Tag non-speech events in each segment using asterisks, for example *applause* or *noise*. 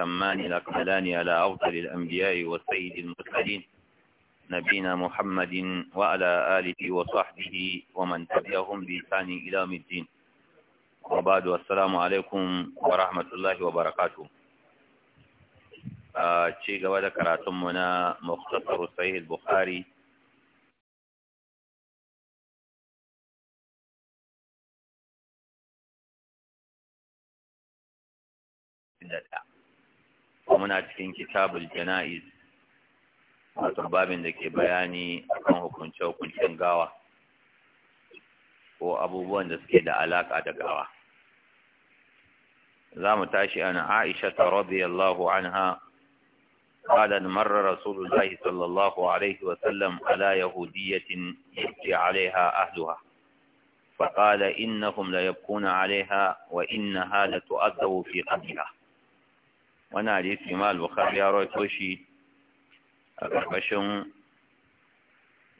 التمان الأكملان على أفضل الأنبياء والسيد المرسلين نبينا محمد وعلى آله وصحبه ومن تبعهم بإحسان إلى يوم الدين وبعد والسلام عليكم ورحمة الله وبركاته ci gaba da karatunmu na muktasar sahih bukhari da muna cikin kitabul jana'iz wato babin da ke bayani akan hukunce-hukuncen gawa ko abubuwan da suke da alaka da gawa za mu tashi an aisha ta radiyallahu anha قالت مر رسول الله صلى الله عليه وسلم على يهودية يبكي عليها أهلها فقال إنهم ليبكون عليها وإنها لتؤذوا في قبلها wani hadisi ma al-bukhari ya rawaito shi a ƙarƙashin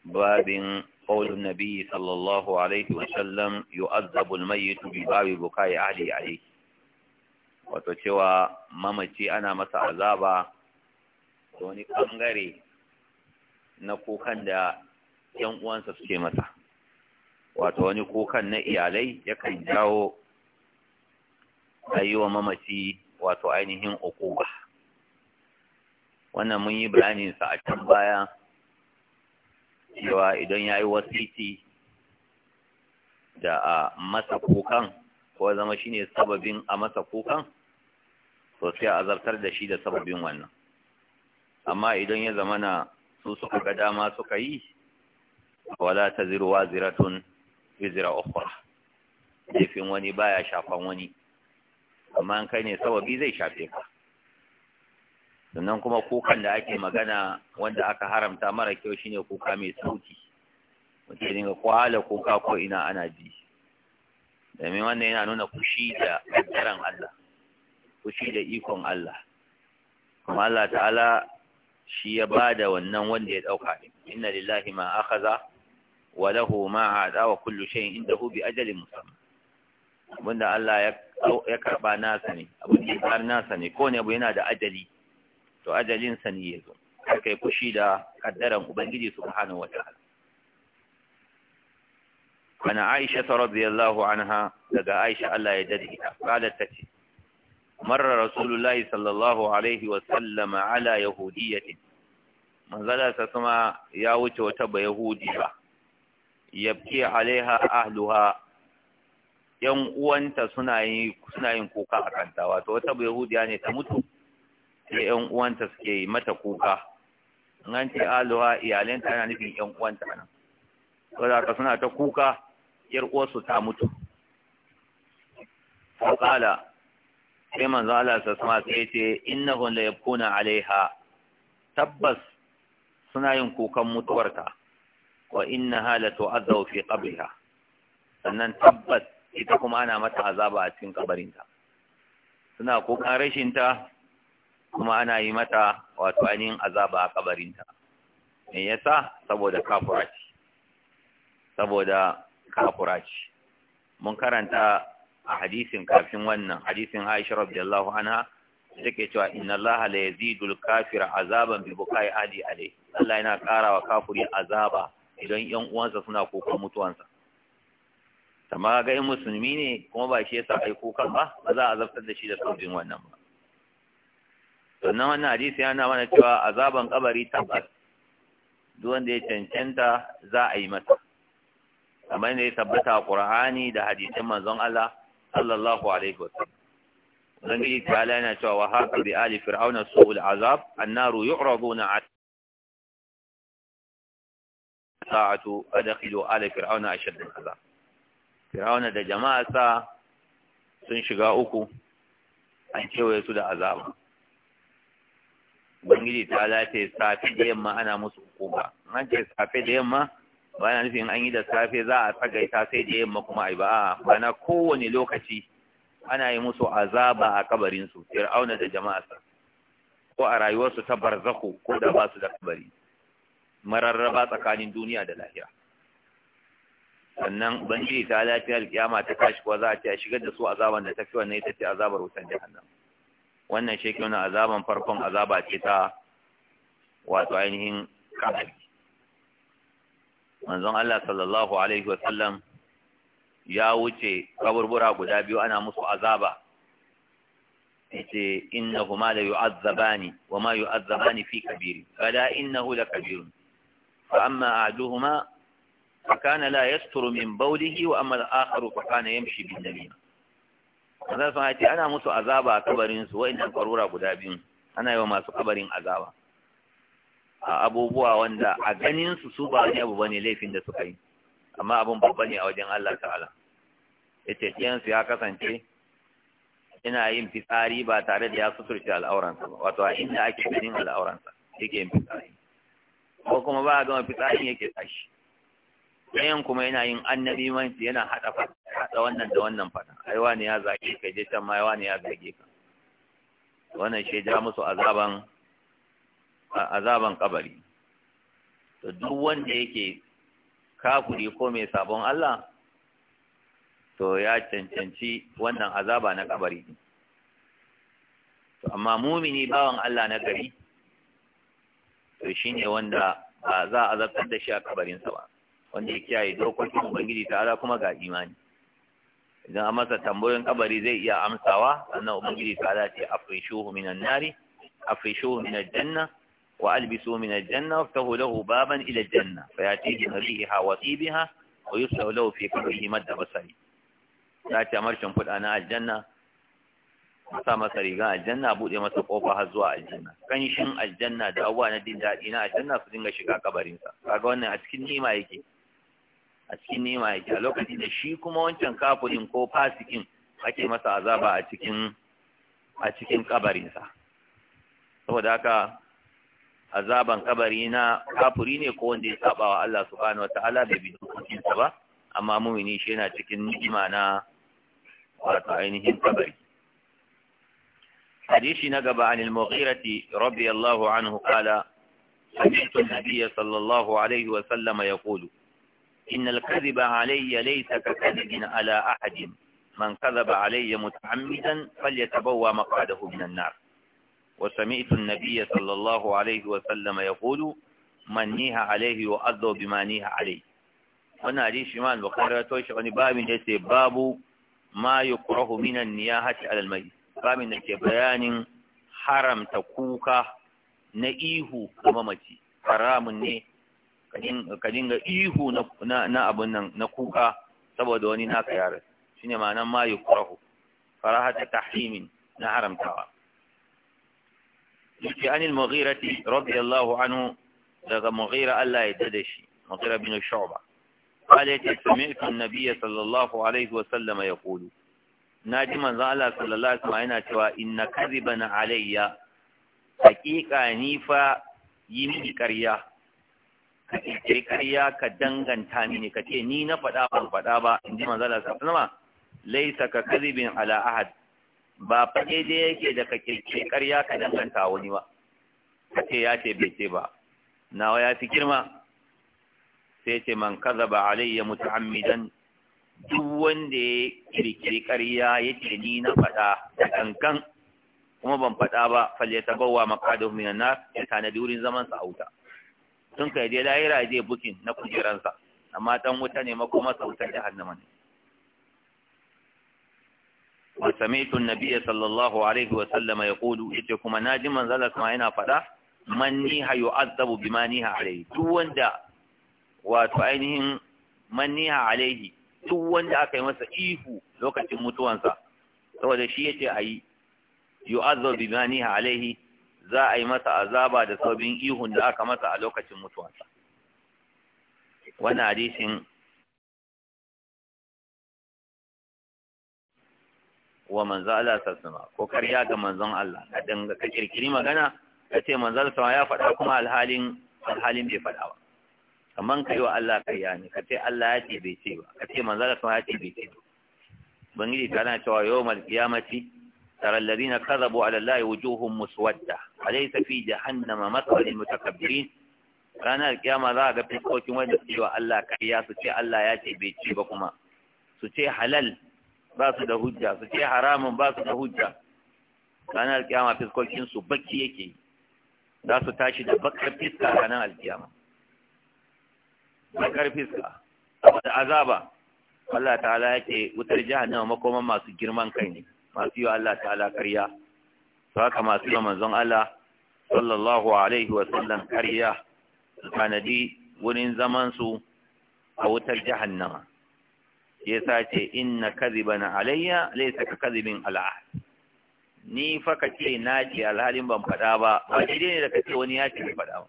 babin قول النبي صلى الله عليه وسلم يؤذب الميت بباب بكاء أهله عليه wato cewa mamaci ana masa azaba da wani ɓangare na kukan da ‘yan uwansa suke masa wato wani kukan na iyalai yakan jawo a yi wa mamaci wato ainihin uquba wannan mun yi bayanin sa a can baya cewa idan yayi wasiti da a masa kukan ko zama shine sababin a masa kukan sosai sai a azartar da shi da sababin wannan amma idan ya zama na su suka ga dama suka yi wala taziru waziratun zira ukhra laifin wani baya shafan wani amma an kai ne sababi zai shafe ka sannan kuma kukan da ake magana wanda aka haramta mara kyau shine kuka mai sauki ne ga kwala kuka ko ina ana ji domin wannan yana nuna kushi da kaddaran Allah kushi da ikon Allah kuma Allah ta'ala shi ya bada wannan wanda ya ɗauka. inna lillahi ma akhadha wa lahu ma ada wa kullu shay'in indahu bi ajalin musamma abinda Allah ya ya karba nasa ne abu ne ya nasa ne ko ne abu yana da ajali to ajalin sa ne yazo kai fushi da kaddaran ubangiji subhanahu wataala kana Aisha radiyallahu anha daga Aisha Allah ya dade ta ta ce marra rasulullahi sallallahu alaihi wa sallam ala yahudiyatin manzala sa kuma ya wuce wata ba yahudiya yabki alaiha ahluha yan uwanta suna yin kuka a kanta wato wata yahudiya ne ta mutu sai yan uwanta suke yi mata kuka an ce aluha iyalanta yana nufin yan uwanta nan saboda ka suna ta kuka yar uwarsu ta mutu faƙala sai manzo Allah sassama sai ce innahu la yabkuna alaiha tabbas suna yin kukan mutuwarta wa innaha la tu'adhu fi qabriha sannan tabbas ita kuma ana mata azaba a cikin kabarinta suna kukan rashinta kuma ana yi mata wato ainihin azaba a kabarinta me yasa saboda kafuraci saboda kafuraci? mun karanta a hadisin kafin wannan hadisin Aisha radiyallahu anha take cewa inna Allah la yazidul kafira azaban bi bukai adi alai Allah yana karawa kafuri azaba idan yan uwansa suna kuka mutuwansa kama ga in musulmi ne kuma ba shi yasa ai kukan ba ba za a zaftar da shi da sauƙin wannan ba sannan wannan hadisi yana mana cewa azaban kabari tabbas duk wanda ya cancanta za a yi masa kamar yadda ya tabbata a Qur'ani da hadisin manzon Allah sallallahu alaihi wasallam Ubangiji ta'ala yana cewa wa haka bi ali fir'auna su'ul azab annaru yu'raduna sa'atu adkhilu ala fir'auna ashadda azab fir'auna da jama'arsa sun shiga uku an kewaye su da azaba ubangiji ta lace safe da yamma ana musu hukuma an ce safe da yamma ba na nufin an yi da safe za a tsagaita sai da yamma kuma yi ba ba na kowane lokaci ana yi musu azaba a kabarinsu fir'auna da jama'arsa ko a rayuwarsu ta barzako ko da ba su da kabari mararraba tsakanin duniya da lahira sannan ubangiji ta lafiya alkiyama ta tashi kuwa za a ce a shigar da su azaban da ta fi wannan ita ce azabar wutar jahannam wannan shi ke wani azaban farkon azaba ce ta wato ainihin kabari manzon Allah sallallahu alaihi wasallam ya wuce kaburbura guda biyu ana musu azaba yace innahuma la yu'azzabani wama yu'azzabani fi kabiri fala innahu la kabirun fa amma ahaduhuma فكان لا يستر من بوله وأما الآخر فكان يمشي بالنميمة wannan sun ce ana musu azaba a kabarin su wa'annan guda biyu ana yi wa masu kabarin azaba a abubuwa wanda a ganin su su ba wani abu bane laifin da suka yi amma abin babba ne a wajen Allah ta'ala yace kiyan ya kasance ina yin fitsari ba tare da ya suturce al'auransa ba wato a inda ake ganin al'auransa yake yin fitsari ko kuma ba a gama fitsarin yake tashi ɗayan kuma yana yin annabi manci yana haɗa wannan da wannan fata aiwa ne ya zage ka je can ma ne ya zage ka wannan shi ja musu azaban azaban kabari to duk wanda yake kafuri ko mai sabon Allah to ya cancanci wannan azaba na kabari to amma mumini bawan Allah na gari to shine wanda ba za a zartar da shi a kabarinsa ba wanda ya kiyaye dokokin ubangiji ala kuma ga imani idan an masa tambayoyin kabari zai iya amsawa sannan ubangiji ala ce afrishuhu minan nari afrishuhu minal janna wa albisu minal janna waftahu lahu baban ila janna fayatihi min riha wa tibiha wa yusahu lahu fi qabrihi madda basari ta ce amar shimfiɗa na aljanna sa masa riga aljanna buɗe masa kofa har zuwa aljanna kanshin aljanna da abubuwa na jin daɗi na aljanna su dinga shiga kabarinsa kaga wannan a cikin nima yake a cikin nema yake a lokacin da shi kuma wancan kafirin ko fasikin ake masa azaba a cikin a cikin kabarinsa saboda haka azaban kabari na kafuri ne ko wanda ya saba wa Allah subhanahu wataala bai bi dokokin ba amma mu'mini shi yana cikin ni'ima na wato ainihin kabari hadisi na gaba an al-mughirati radiyallahu anhu qala sami'tu an-nabiy sallallahu alaihi wa إن الكذب علي ليس ككذب على أحد من كذب علي متعمدا فليتبوى مقعده من النار وسمعت النبي صلى الله عليه وسلم يقول من نيها عليه وأذو بما نيها عليه wannan hadisi shi ma al-bukhari ya toshe wani babin da yake babu ma yukrahu min an-niyahati ala al-mayyit ke bayanin haramta kuka na ihu kuma mace haramun ne ka dinga ihu na abin nan na kuka saboda wani naka yaran shine ma'anan ma yukrahu karahata tahrimin na haramtawa yace anil mughirati radiyallahu anhu daga mughira Allah ya dade shi mughira bin shu'ba قال سمعت النبي صلى الله عليه وسلم يقول ناجي من الله صلى الله عليه وسلم yana cewa inna kadhiban alayya haqiqa ni fa yi mini ƙarya ka ka danganta mini ka ce ni na faɗa ban faɗa ba in ji manzala sallama laisa ka kazibin ala ahad ba faɗe dai yake da ka kirkiri ƙarya ka danganta wani ba ka ce ya ce bai ce ba nawa ya fi girma sai ce man ba alayya muta'ammidan duk wanda ya kirkiri ƙarya ce ni na faɗa da kankan kuma ban faɗa ba falle ta bawa makadahu minan na, ya tanadi wurin zaman sa a tun kai je lahira je bukin na kujeransa amma dan wuta ne makoma sautar jahannama ne wa sami'tu an-nabiy sallallahu alaihi wa sallama yaqulu ita kuma naji manzala kuma yana fada man niha yu'azzabu bima niha alaihi duk wanda wato ainihin man niha alaihi duk wanda aka yi masa ihu lokacin mutuwansa saboda shi yace ayi yu'azzabu bima niha alaihi za a yi masa azaba da sabbin ihun da aka masa a lokacin mutuwansa. Wani hadisin wa manzan Allah sassama ko karya ga manzon Allah ka danga ka kirkiri magana ka ce manzan sama ya faɗa kuma alhalin alhalin bai faɗa ba kaman yi wa Allah ka yi ka ce Allah ya ce bai ce ba ka ce manzan sama ya ce bai ce ba bangiji kana cewa yawmal mace. ترى الذين كذبوا على الله وجوههم مسودة أليس في جهنم مثوى للمتكبرين ranar kiyama za a ga fiskokin wanda su wa Allah kariya su ce Allah ya ce bai ce ba kuma su ce halal ba su da hujja su ce haramun ba su da hujja ranar kiyama fiskokin su baki yake za su tashi da bakar fiska ranar alkiyama bakar fiska saboda azaba Allah ta'ala ya ce wutar jahannama makoman masu girman kai ne masu yi wa Allah ta'ala ƙarya to haka masu yi manzon Allah sallallahu alaihi wa sallam ƙarya su tanadi wurin zamansu a wutar jahannama ya sace inna na alayya laysa ka kadhibin al'ahd ni fa ka ce na ce alhalin ban faɗa ba ba daidai ne da ka ce wani ya ce bai faɗa ba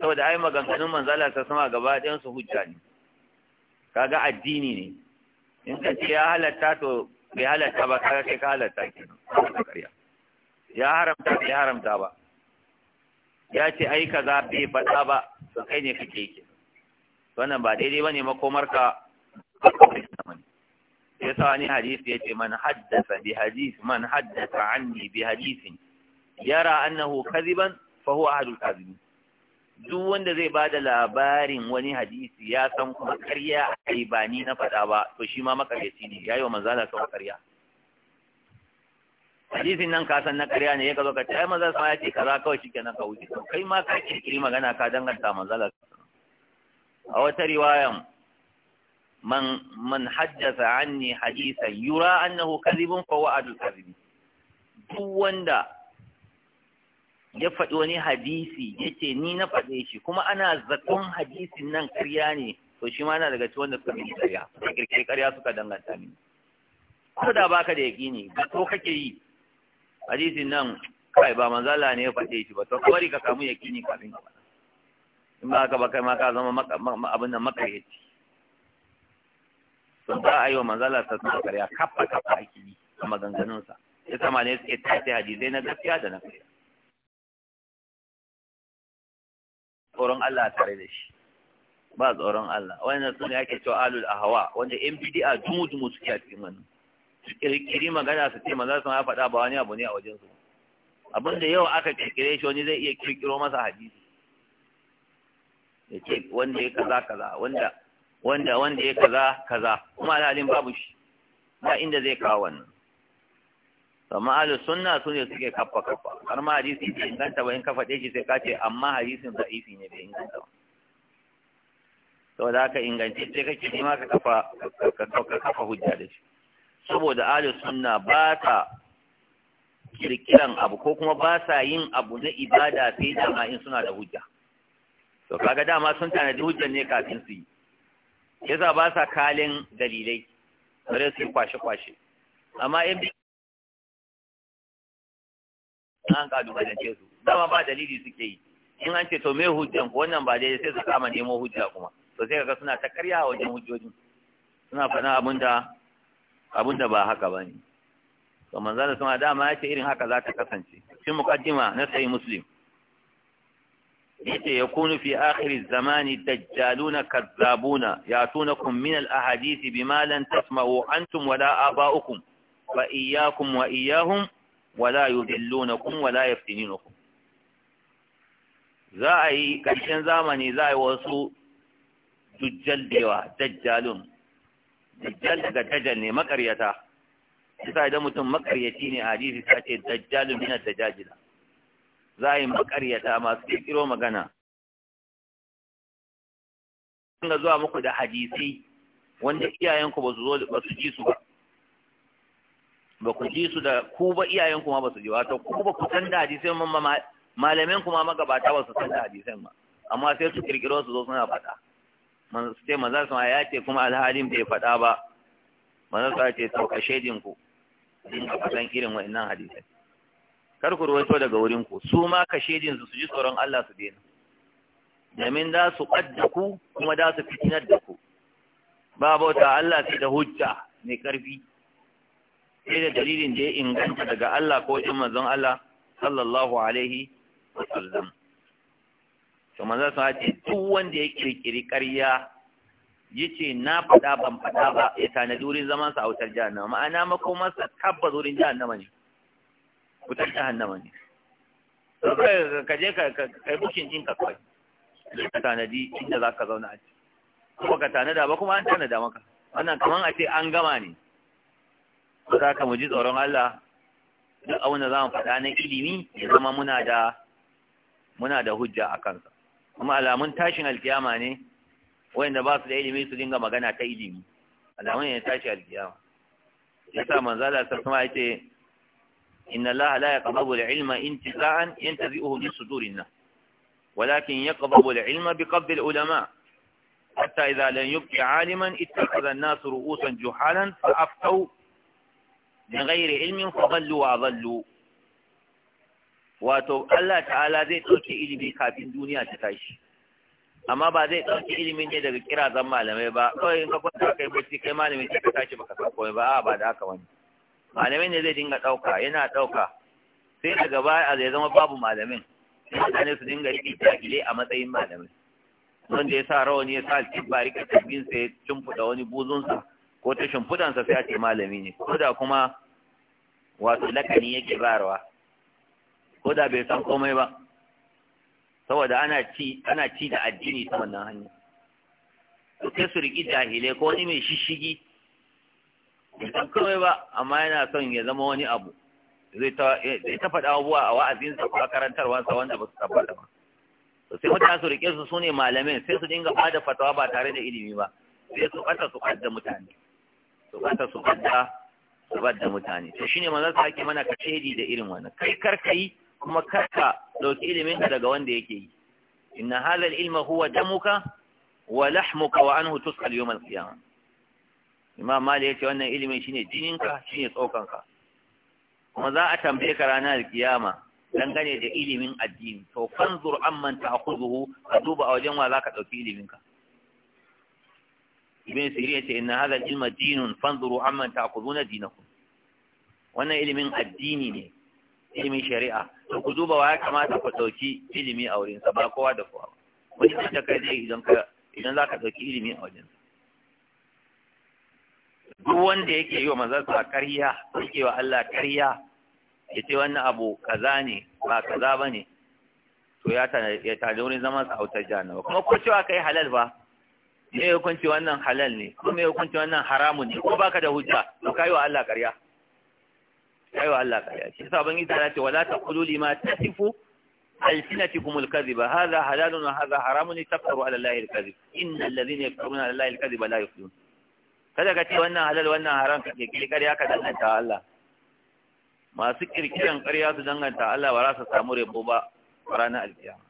saboda ai maganganun manzala ta sama gaba ɗayan hujja ne Ka ga addini ne in ka ce ya halatta to bai halatta ba kaga kai ka halatta ke ƙarya ya haramta bai haramta ba ya ce ai ka kaza bai faɗa ba to kai ne kake yake wannan ba daidai bane makomar ka ya sa wani hadisi ce man haddasa bi hadis man haddasa anni bi hadisin yara annahu kadiban fa huwa ahadul kadhibin duk wanda zai ba da labarin wani hadisi ya san kuma karya a ba ni na faɗa ba to shi ma makaryaci ne ya yi wa manzala sau karya hadisin nan ka san na karya ne ya ka zo ka ce ai manzala sama ya ce kaza kawai ke nan ka wuce to kai ma ka kirkiri magana ka danganta manzala a wata riwayan man man haddasa anni hadisan yura annahu kadhibun fa wa'adul kadhibi duk wanda ya faɗi wani hadisi ya ce ni na faɗe shi kuma ana zaton hadisin nan ƙarya ne to shi ma na daga ci wanda suka yi ƙarya da kirkiri ƙarya suka danganta ni. ko da baka da yaƙini ba to kake yi hadisin nan kai ba manzala ne ya faɗe shi ba to "Kawari ka samu yaƙini kafin ka faɗa in ba ka ba kai ma ka zama abin nan makaryaci to za a yi wa manzala ta suna ƙarya kafa kafa ake yi a maganganunsa ya sama ne suke tace hadisai na gaskiya da na ƙarya tsoron Allah tare da shi ba tsoron Allah na sune ake cewa alul ahwa wanda yan bid'a dumu dumu suke a cikin wannan su kirkiri magana su ce maza su ma faɗa ba wani abu ne a wajen su abin da yau aka kirkire shi wani zai iya kirkiro masa hadisi ya ce wanda ya kaza kaza wanda wanda wanda ya kaza kaza kuma alhalin babu shi ba inda zai kawo wannan amma ahlu sunna su ne suke kafa kafa. har ma hadisi bai inganta ba in ka faɗe shi sai ka ce amma hadisin da'ifi ne bai inganta ba saboda haka inganci sai kake nema ka kafa ka kafa hujja da shi saboda ahlu sunna ba ta kirkiran abu ko kuma ba sa yin abu na ibada sai dama in suna da hujja to kaga dama sun tanadi hujjar ne kafin su yi yasa ba sa kalin dalilai bare su kwashe kwashe amma in bi in an kalubalance su dama ba dalili suke yi in an ce to me hujjan ko wannan ba daidai sai su kama nemo hujja kuma to sai kaga suna ta karya wajen hujjojin suna fana abinda abunda ba haka ba ne to manzo da sama dama ya ce irin haka za ta kasance shi muqaddima na sai muslim yace yakunu fi akhir zamani dajjaluna kazzabuna yatunakum min al-ahadith bima lan tasma'u antum wala aba'ukum fa iyyakum wa iyyahum wala yudillunakum wala yaftinunakum za a yi ƙarshen zamani za a yi wasu dujjal dewa dajjalun dajjal daga dajjal ne makaryata yasa idan mutum makaryaci ne a hadisi ta ce dajjalun da jajila za a yi makaryata masu kirkiro magana ga zuwa muku da hadisi wanda iyayenku ba su zo ba su ji su ba ba ku ji su da ku ba iyayen kuma ba su ji wato ku ba ku san da hadisan ma malamin kuma magabata ba su san da hadisan ba amma sai su kirkiro su zo suna faɗa man sai maza su ya ce kuma alhalin bai faɗa ba maza su ce to ka shaidin ku din ka faɗan irin wa'annan hadisai kar ku ruwaito daga wurin ku su ma ka shaidin su su ji tsoron Allah su daina domin da su ƙadda ku kuma da su fitinar da ku ba ta Allah sai da hujja mai ƙarfi sai da dalilin da ya inganta daga Allah ko in manzon Allah sallallahu alaihi wa sallam to manzon sa ce duk wanda ya kirkiri ƙarya ce na faɗa ban faɗa ba ya tanadi wurin zaman sa a wutar jahannama ma'ana makomar sa tabbas wurin jahannama ne wutar jahannama ne ka je ka kai bukin din ka kai ka tanadi inda ka zauna a ciki kuma ka tanada ba kuma an tanada maka wannan kaman a ce an gama ne za ka mu ji tsoron Allah duk abin da za mu faɗa na ilimi ya zama muna da muna da hujja a kansa kuma alamun tashin alkiyama ne wanda ba su da ilimi su dinga magana ta ilimi alamun ne tashi alkiyama yasa manza Allah sai kuma yace inna Allah la yaqbalu al-ilma intiza'an yantazi'uhu bi sudurin nas walakin yaqbalu al-ilma bi qabdi al-ulama حتى إذا لم يبقي عالما اتخذ الناس Juhalan جحالا فأفتوا bi ghairi ilmin fa dallu wa dallu wato Allah ta'ala zai ɗauke ilimi kafin duniya ta tashi amma ba zai ɗauke ilimi ne daga kirazan malamai ba kawai in ka kwanta kai bacci kai malamin sai ka tashi baka san komai ba ba da haka wani malamin ne zai dinga ɗauka yana ɗauka sai daga baya a zai zama babu malamin mutane su dinga riƙe jahilai a matsayin malamin wanda ya sa rawani ya sa alkibba barika tabbin sai ya cimfuda wani buzunsa ko ta shimfudansa sai a ce malami ne ko da kuma wato lakani yake bayarwa ko da bai san komai ba saboda ana ci ana ci da addini ta wannan hanya to sai su riƙi jahilai ko wani mai shishigi bai san komai ba amma yana son ya zama wani abu zai ta faɗa abubuwa a wa'azinsa ko a karantarwarsa wanda ba su tabbata ba to sai mutane su rike su sune malamin sai su dinga bada fatawa ba tare da ilimi ba sai su ɓata su ɓata mutane su ta su badda su mutane to shine manzo sai ke mana kashedi da irin wannan kai karkai kuma karka dauki ilimin ka daga wanda yake yi inna halal ilma huwa damuka wa lahmuka wa anhu tus'al yawm al imam mali yace wannan ilimin shine jininka shine tsokanka kuma za a tambaye ka ranar kiyama dangane da ilimin addini to fanzur amman ta'khudhu ka duba a wajen wa zaka dauki iliminka ibn sirri yace inna hadha al-ilma dinun fanzuru amma ta'khuduna dinakum wannan ilimin addini ne ilimin shari'a to ku duba wa ya kamata ku dauki ilimi a wurin sa ba kowa da kowa wani kan ta kai idan ka idan zaka dauki ilimi a wajen duk wanda yake yi wa manzon sa kariya yake wa Allah kariya yace wannan abu kaza ne ba kaza bane to ya ta ya ta wurin zaman sa autar jahannama kuma ko cewa kai halal ba me ya kwanci wannan halal ne ko me ya kwanci wannan haramun ne ko baka da hujja to kai wa Allah ƙarya kai wa Allah ƙarya shi yasa bangi ta ce wala taqulu lima tasifu alsinatukum alkadhiba hadha halalun wa hadha haramun tafsiru ala allahi alkadhib innal ladhina yakfuruna ala allahi alkadhiba la yuflihun kada ka ce wannan halal wannan haram kake ƙarya ka danganta Allah masu kirkiran ƙarya su danganta Allah ba za su samu rebo ba ranar alkiyama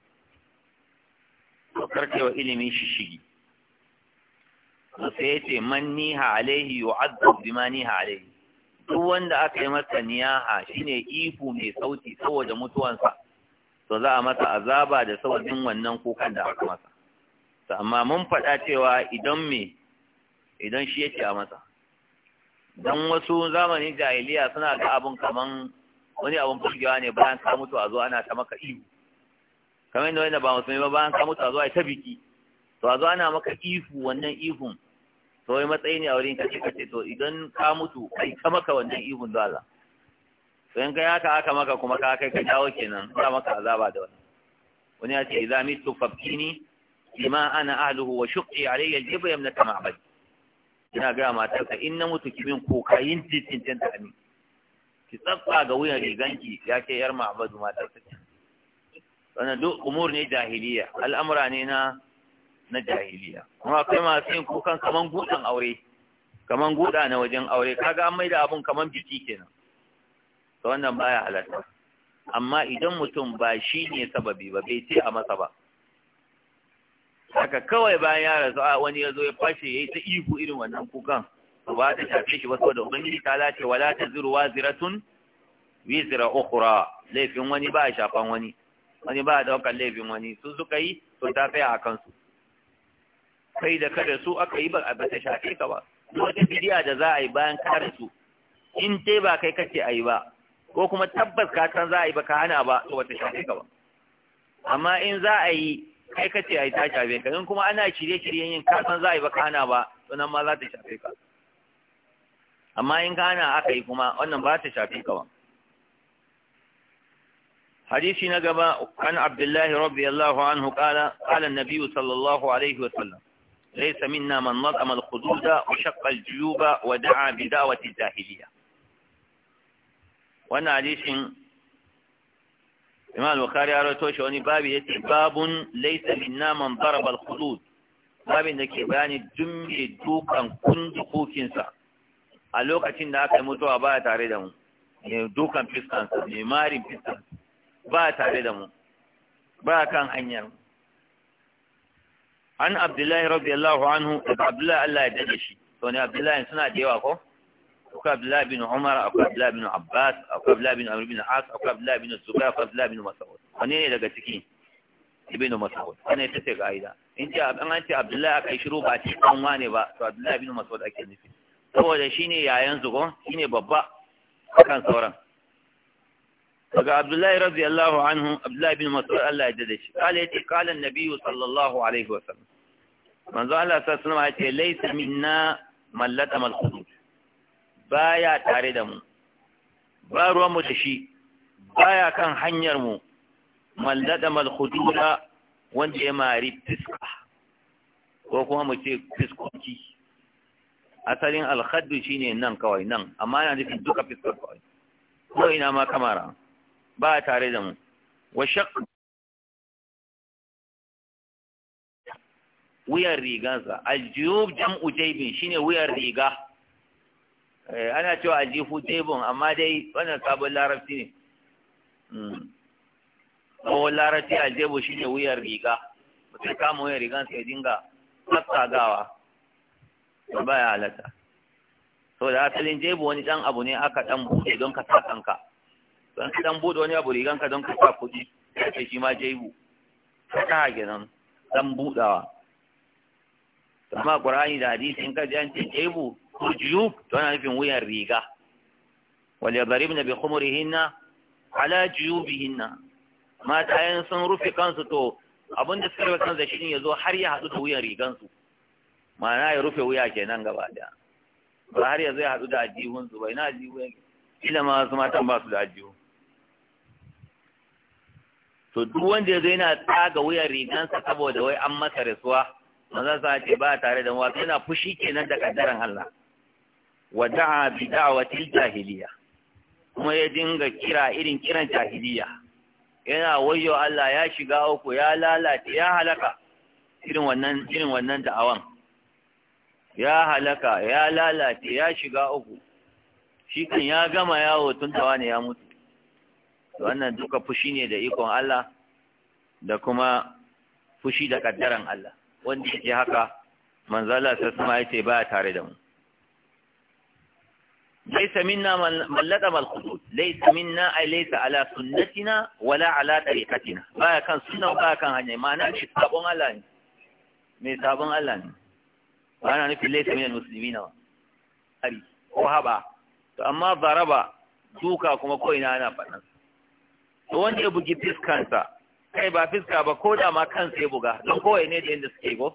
to karkewa ilimin shishigi sai ce man niha alaihi yu'adhab bima niha alaihi duk wanda aka yi masa niyaha shine ihu mai sauti saboda mutuwansa to za a masa azaba da sautin wannan kukan da aka masa to amma mun faɗa cewa idan me idan shi yake a masa dan wasu zamanin jahiliya suna ga abun kaman wani abun burgewa ne bayan ka mutu a zo ana ta maka ihu kamar yadda da ba musulmi ba bayan ka mutu a zo a ta biki to a zo ana maka ihu wannan ihun to wai matsayi ne a wurin ka ce ka ce to idan ka mutu ai ka maka wannan ihun da Allah to in kai haka aka maka kuma ka kai ka dawo kenan za maka azaba da wannan wani ya ce idza mitu fabkini lima ana ahluhu wa shuqqi alayya al-jibr yamna ma'bad ina ga matar ka in na mutu ki ko kayin titin tanta ki tsaffa ga wuyan riganki ya ce yar ma'badu matar ta wannan duk umur ne jahiliya al'amura ne na na jahiliya kuma akwai masu yin kukan kaman gudan aure kaman guda na wajen aure kaga an da abun kaman biki kenan to wannan baya halatta amma idan mutum ba shi ne sababi ba bai ce a masa ba haka kawai bayan ya rasu a wani ya zo ya fashe ya yi ta ihu irin wannan kukan ba ta shafe shi ba saboda ubangiji ta lace wala ta ziru ziratun wizira ukhra laifin wani ba shafan wani wani ba daukan laifin wani su suka yi to ta tsaya a kansu kai da kada su aka yi ba a bata shafe ka ba wata bidiya da za a yi bayan kada su in dai ba kai kace a yi ba ko kuma tabbas ka san za a yi ba ka hana ba to wata shafe ka ba amma in za a yi kai kace a yi ta shafe ka in kuma ana shirye-shiryen yin ka san za a yi ba ka hana ba to nan ma za ta shafe ka amma in ka hana aka yi kuma wannan ba ta shafe ka ba حديثنا نقبة عن عبد الله رضي الله عنه قال قال النبي صلى الله عليه وسلم ليس منا من نظم الخدود وشق الجيوب ودعا بدعوة الجاهلية وانا حديث إمام الوخاري قال توشي وني باب يتي باب ليس منا من ضرب الخدود باب لكي بياني جمع دوكا كند خوكينسا a lokacin da aka mutuwa ba tare da mu ne dukan fiskansa ne marin fiskansa ba tare an abdullahi allahu anhu da abdullahi Allah ya dade shi to ne abdullahi suna da yawa ko akwai abdullahi bin umar akwai abdullahi bin abbas akwai abdullahi bin amir bin as akwai abdullahi bin zuba akwai abdullahi bin mas'ud wani ne daga ciki ibn mas'ud wani ta ce ka'ida in ce an ce abdullahi aka yi shiru ba ce kan wane ba to abdullahi bin mas'ud ake nufi saboda shine yayan shi shine babba akan sauran daga Abdullahi radiyallahu anhu Abdullahi bin Mas'ud Allah ya dade shi kala yace kala annabi sallallahu alaihi wa sallam. manzo Allah sallallahu alaihi wasallam yace laysa minna man latama al-khudud baya tare da mu ba ruwan mu da shi baya kan hanyar mu man latama al wanda ya mari fiska ko kuma mu ce fiskoki asalin al-khaddu shine nan kawai nan amma yana nufin duka fiskar kawai ko ina ma kamara ba tare da mu wa wuyar rigansa aljiyub jam'u jaibin shine wuyar riga eh, ana cewa aljihu jaibin amma dai wannan sabon larabci ne hmm. sabon larabci aljihu shine wuyar riga mutum kama wuyar rigansa ya dinga gawa ba ya halatta saboda asalin Jaibu wani dan abu ne aka dan buɗe don ka sa kanka don ka dan bude wani abu riganka don ka sa kuɗi sai shi ma jaibu fata kenan dan budawa ma qur'ani da hadisi in ka ji an ce jaibu ko juyub to ana nufin wuyan riga wal na bi hinna ala juyubihinna mata yan sun rufe kansu to abin da suka rufe kansu da shi ya zo har ya haɗu da wuyan rigansu ma'ana ya rufe wuya kenan gaba daya ba har ya zai haɗu da ajihunsu bai na ajihu yanke ila ma wasu matan ba su da ajihu to duk wanda ya zo yana tsaga wuyan rigansa saboda wai an masa rasuwa manzon sa ce ba tare da wato yana fushi kenan da kaddaran Allah wa da'a bi da'watil jahiliya kuma ya dinga kira irin kiran jahiliya yana wayo Allah ya shiga uku ya lalace ya halaka irin wannan irin wannan da'awan ya halaka ya lalace ya shiga uku shi kan ya gama yawo tun tawa ne ya mutu to wannan duka fushi ne da ikon Allah da kuma fushi da kaddaran Allah wanda yake haka Manzala Allah sai kuma yace ba tare da mu laysa minna man ladama al-qudud laysa minna ay laysa ala sunnatina wala ala tariqatina ba kan sunna ba kan hanya ma'ana shi sabon Allah ne mai sabon Allah ne ba na nufin laysa minal muslimina ba ari ko haba to amma zaraba duka kuma ko ina ana faɗan wanda ya bugi fiskansa kai ba fiska ba ko da ma kansa ya buga don kowai ne da yadda suke go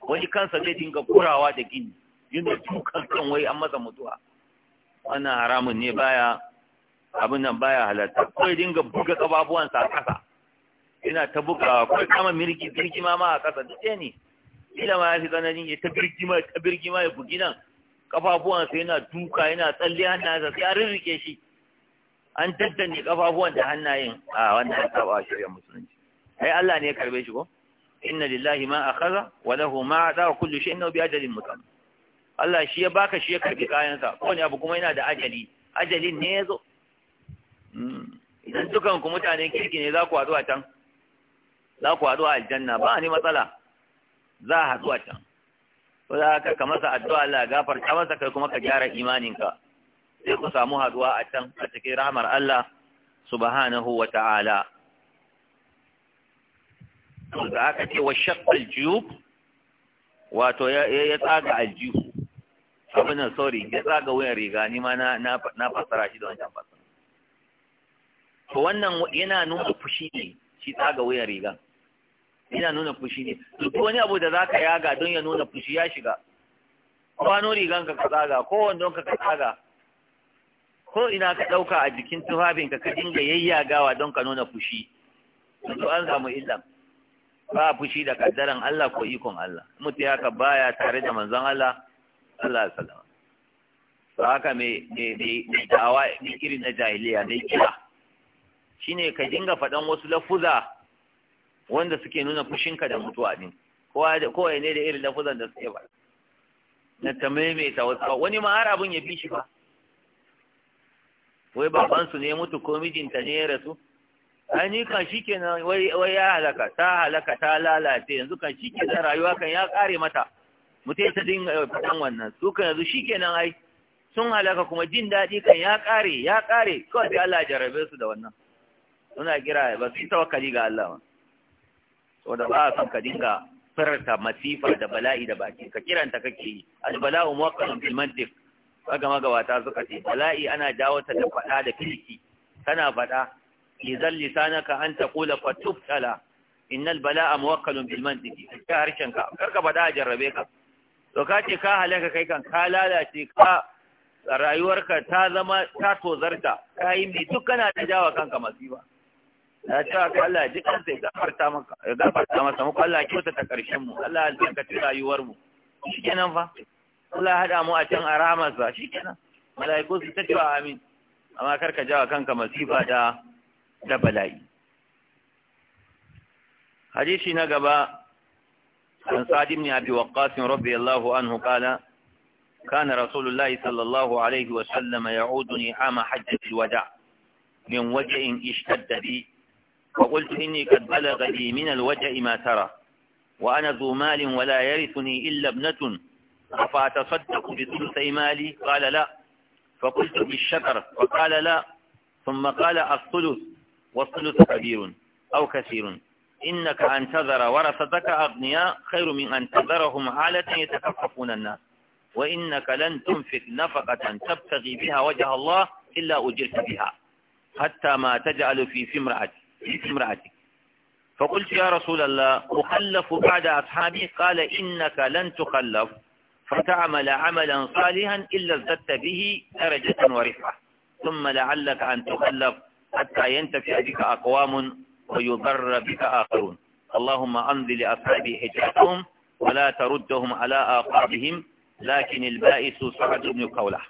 wani kansa zai dinga kurawa da gini yadda tukan kan wai an masa mutuwa wannan haramun ne baya abin nan baya halatta ko ya dinga buga kababuwansa a kasa yana ta bugawa ko kama mirki birgima ma a kasa duk ne ila ma ya fi tsananin ya ta birgima ta ya bugi nan kafafuwansa yana duka yana tsalle hannayensa sai a rirrike shi an tantance kafafuwan da hannayen a wannan ya saba shirya musulunci ai Allah ne ya karbe shi ko inna lillahi ma akhadha wa lahu ma ata kullu shay'in bi ajalin mutam Allah shi ya baka shi ya karbi kayan sa kowane abu kuma yana da ajali ajalin ne yazo hmm. idan dukan ku mutanen kirki ne za ku haɗu a can za ku haɗu a aljanna ba ni matsala za a haɗu a can ko za ka ka masa addu'a Allah gafarta masa kai kuma ka gyara imaninka sai ku samu haduwa a can a cikin rahmar Allah subhanahu wa ta'ala da aka ce wa shaqqal juyub wato ya tsaga aljihu abin nan sauri ya tsaga wuyan riga ni ma na fasara fassara shi da wancan fassara to wannan yana nuna fushi ne shi tsaga wuyan riga yana nuna fushi ne duk wani abu da za ka yaga don ya nuna fushi ya shiga kwano riganka ka tsaga ko don ka tsaga ko ina ka ɗauka a jikin tufafinka ka dinga yayyagawa don ka nuna fushi yanzu an samu illan ba fushi da kaddaran Allah ko ikon Allah mutu haka baya tare da manzon Allah Allah alaihi wasallam to haka me me me dawa me irin na jahiliya ne kira shine ka dinga faɗan wasu lafuza wanda suke nuna fushinka da mutuwa din kowa kowa ne da irin lafuzan da suke ba na ta maimaita wasu wani ma har abin ya bi shi ba wai babansu ne mutu ko mijinta ne ya rasu ai ni kan shi ke nan wai ya halaka ta halaka ta lalace yanzu kan shi ke rayuwa kan ya kare mata mutai ta dinga fadan wannan su kan yanzu nan ai sun halaka kuma jin daɗi kan ya kare ya kare kawai sai Allah jarabe su da wannan suna kira ba su yi tawakkali ga Allah ba da ba a ka dinga farta masifa da bala'i da baki ka kiranta kake yi al muwaqqatun bil mantiq kaga magabata suka ce bala'i ana dawo ta da faɗa da kirki tana faɗa izal lisanaka an taqula fa tuftala innal bala'a muwakkalun bil mantiki ka harshen ka karka faɗa a jarrabe ka to ka ce ka halaka kai kan ka lalace ka rayuwarka ta zama ta tozarta ka yi mai duk kana da jawa kanka masifa ya ce ka Allah ji kan sai gafarta maka ya gafarta masa muku Allah kyauta ta karshen mu Allah ya albarkaci rayuwar mu kenan fa Allah haɗa mu a can a ramarsa shi kenan mala'iku su ta cewa amin amma kar ka jawa kanka masifa da da bala'i hadisi na gaba an sa'd ibn abi waqqas radiyallahu anhu qala كان رسول الله صلى الله عليه وسلم يعودني عام حجة الوداع من وجع اشتد بي وقلت إني قد بلغ لي من الوجع ما ترى وأنا ذو مال ولا يرثني إلا ابنة أفأتصدق بثلثي مالي قال لا فقلت بالشكر وقال لا ثم قال الثلث والثلث كبير أو كثير إنك أن تذر ورثتك أغنياء خير من أن تذرهم عالة يتكففون الناس وإنك لن تنفق نفقة تبتغي بها وجه الله إلا أجرت بها حتى ما تجعل في امرأتك فقلت يا رسول الله أخلف بعد أصحابي قال إنك لن تخلف فتعمل عملا صالحا إلا ازددت به درجة ورفعة ثم لعلك أن تخلف حتى ينتفع بك أقوام ويضر بك آخرون اللهم أمضي لأصحابي حجتهم ولا تردهم على آقابهم لكن البائس سعد بن قولة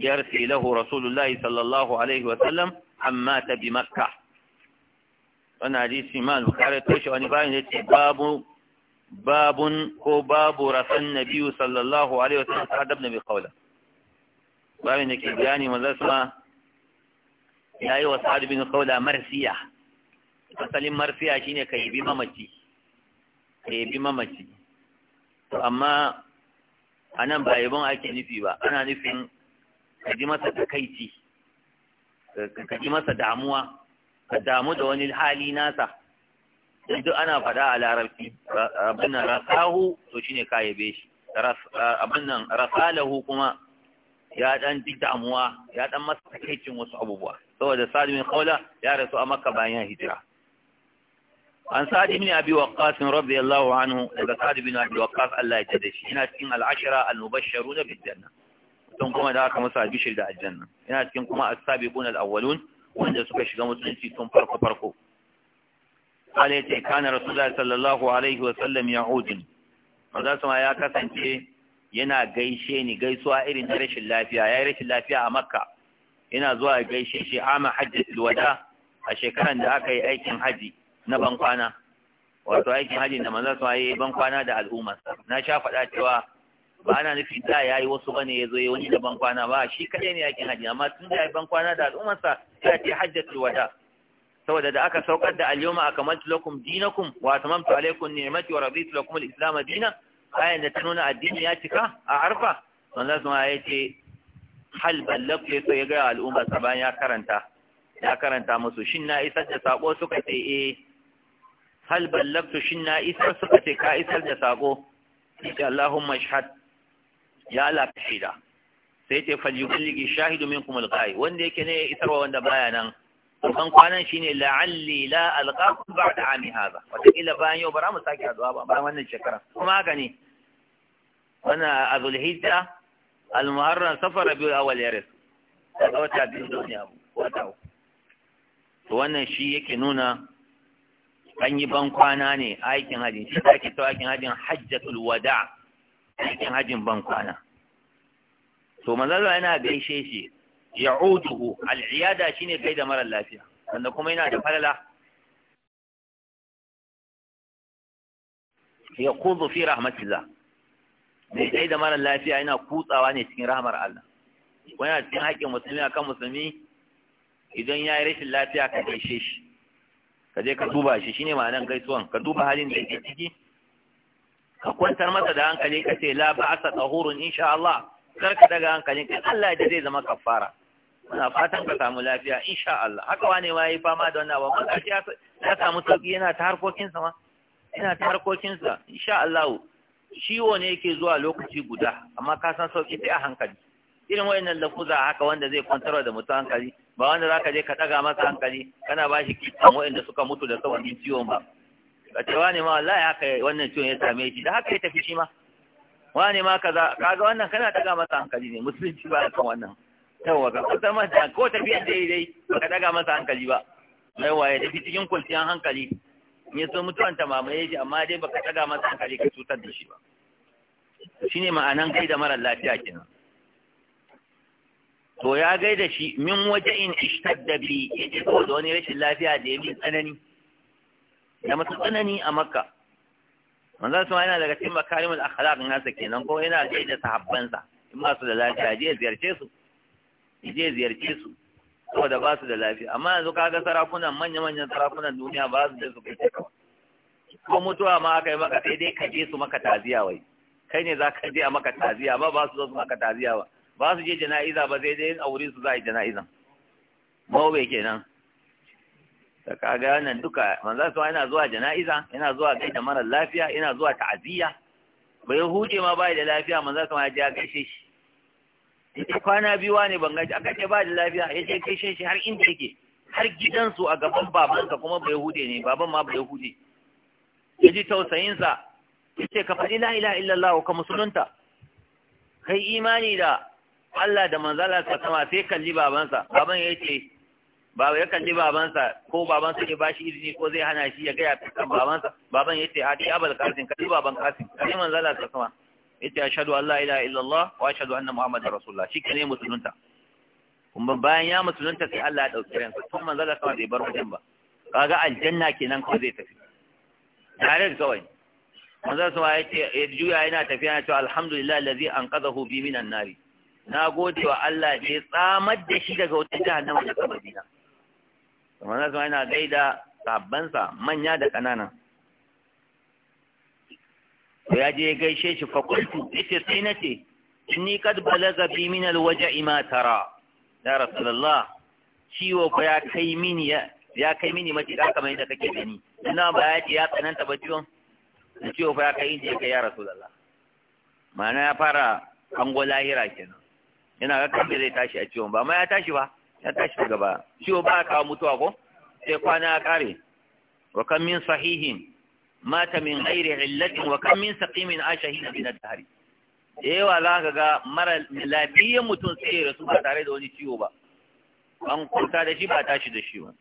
يرثي له رسول الله صلى الله عليه وسلم عمات بمكة وانا حديث ما البخاري توشي وانا باين باب babun ko babu rasan nabiyu sallallahu alaihi wasallam hadab nabi qawla babin da ke bayani manzo sama yayi wa sa'ad bin qawla marsiya asalin marsiya shine kai bi mamaci kai bi mamaci to amma anan ba yabon ake nufi ba ana nufin ka ji masa takaici ka ji masa damuwa ka damu da wani hali nasa duk ana faɗa a larabci abin nan rasahu to shine ka yabe shi abin nan rasalahu kuma ya dan ji damuwa ya dan masa takaicin wasu abubuwa saboda sa'ad bin khawla ya rasu a makka bayan hijira an sa'ad ibn abi waqqas radiyallahu anhu daga sa'ad ibn abi waqqas Allah ya tada shi ina cikin al-ashra al-mubashshiruna bil janna don kuma da aka masa bishir da aljanna ina cikin kuma as-sabiqun al-awwalun wanda suka shiga mutunci tun farko farko قال يتي كان رسول الله صلى ya عليه ba za su ma ya kasance yana gaishe ni gaisuwa irin ta rashin lafiya ya yi rashin lafiya a makka yana zuwa gaishe shi ama hajji wada a shekaran da aka yi aikin haji na bankwana wato aikin haji da maza su ya yi bankwana da al'umma na sha faɗa cewa ba ana nufin da ya yi wasu bane ya zo ya wani da bankwana ba shi kaɗai ne aikin haji amma tun da ya yi bankwana da al'ummarsa ya ce hajji wada saboda da aka saukar da al-yawma kamar lakum dinakum wa atmamtu alaykum ni'mati wa raditu lakum al-islam dinan ayan da ta nuna addini ya cika a arfa manzo sun ya ce hal ballaqtu sai ya gaya al'umma saban ya karanta ya karanta musu shin na isar da sako suka ce eh hal ballaqtu shin na isar suka ce ka isar da sako sai Allahumma shahad ya Allah ka sai ce falyuballighi shahidu minkum al-ghaib wanda yake ne ya isarwa wanda baya nan ban kwanan shine la'alli la alqa ba'da ami haza. wataƙila bayan yau bara mu sake haɗuwa ba bayan wannan shekara kuma haka ne wannan a zulhijja al-muharram safar rabiul awwal yaris daga wata biyu da wani abu wata uku to wannan shi yake nuna an yi ban kwana ne aikin hajji shi ake ta aikin hajjin hajjatul wada aikin hajjin ban kwana to manzala yana gaishe shi ya'uduhu al'iyada ne kai da mara lafiya wanda kuma yana da falala ya kudu fi rahmatillah mai kai da mara lafiya yana kutsawa ne cikin rahmar Allah wani cikin haƙƙin musulmi kan musulmi idan ya yi rashin lafiya ka gaishe shi ka je ka duba shi shine ma'anar gaisuwan ka duba halin da ya ciki ka kwantar masa da hankali ka ce la sa tahurun insha Allah kar ka daga hankali ka Allah da zai zama kafara muna fatan ka samu lafiya insha Allah haka wane ma fama da wannan abu mun ya samu sauki yana ta harkokin sa ma yana ta harkokin sa insha Allah ciwo ne yake zuwa lokaci guda amma ka san sauki sai a hankali irin wayannan lafuza haka wanda zai kwantarwa da mutum hankali ba wanda zaka je ka daga masa hankali kana ba shi kitan wayanda suka mutu da sauran ciwon ba ka ce wane ma wallahi haka wannan ciwon ya same shi da haka ya tafi shi ma wane ma kaza kaga wannan kana daga masa hankali ne musulunci ba kan wannan yawa ka kusa masa ko tafiyar da dai baka daga masa hankali ba yawa waye tafi cikin kwanciyar hankali ne so mutuwan ta mamaye shi amma dai baka daga masa hankali ka cutar da shi ba shine ma'anan kai da marar lafiya kenan to ya gaida shi min waje in ishtadda bi yace ko da wani rashin lafiya da ya min tsanani da masu tsanani a makka manzon sai yana daga cikin makarimul akhlaq nasa kenan ko yana gaida sahabbansa in masu su da lafiya je ziyarce su je ziyarce su saboda ba su da lafiya amma yanzu kaga sarakunan manya-manyan sarakunan duniya ba su da su kai kawai ko mutuwa ma aka yi maka sai dai ka je su maka taziya wai kai ne za ka je a maka taziya ba ba su zo su maka taziya ba ba su je jana'iza ba sai dai a wurin su za a yi jana'izan mawabe kenan da kaga wannan duka manzo su yana zuwa jana'iza yana zuwa da mara lafiya yana zuwa ta'aziyya bai huce ma bai da lafiya za su ya je a gaishe shi yace kwana biwa ne ban gaji aka ce ba da lafiya ce kai shi har inda yake har gidansu a gaban babansa kuma bai hude ne baban ma bai hude yaji tausayin sa yace ka faɗi la ilaha illallah ka musulunta kai imani da Allah da manzala ta sama sai kalli babansa baban yace baba ya kalli babansa ko babansa ke bashi izini ko zai hana shi ya ga ya babansa baban yace a ti abal kasin kalli baban kasin kalli manzala ta sama yace ashhadu an la ilaha illallah wa ashhadu anna muhammadar rasulullah shikane musulunta kuma bayan ya musulunta sai Allah ya dauki ransa tun manzo Allah sama bai bar wajen ba kaga aljanna kenan ko zai tafi tare da kawai manzo sama yace ya juya yana tafiya yana cewa alhamdulillah allazi anqadhahu bi minan nari na gode wa Allah da ya tsamar da shi daga wata jahannama da kabarina manzo sama yana gaida sabbansa manya da kanana ya je gaishe shi fa qultu ita sai na ce ni kad balaga bi min alwaja ma tara ya rasulullah ciwo ko ya kai mini ya ya kai mini mace da kamar yadda kake gani ina ba ya ce ya tsananta ba ciwon ciwo fa ya kai inda kai ya rasulullah ma'ana ya fara kango lahira kenan yana ga kan zai tashi a ciwon ba amma ya tashi ba ya tashi gaba ciwo ba ka mutuwa ko sai kwana ya kare wa kan min sahihin mata min ghairi illatin wa kam min saqimin ashahin min ad-dahr yawa za ka ga mara lafiyar mutum sai rasu ba tare da wani ciwo ba an kunta da shi ba tashi da shi ba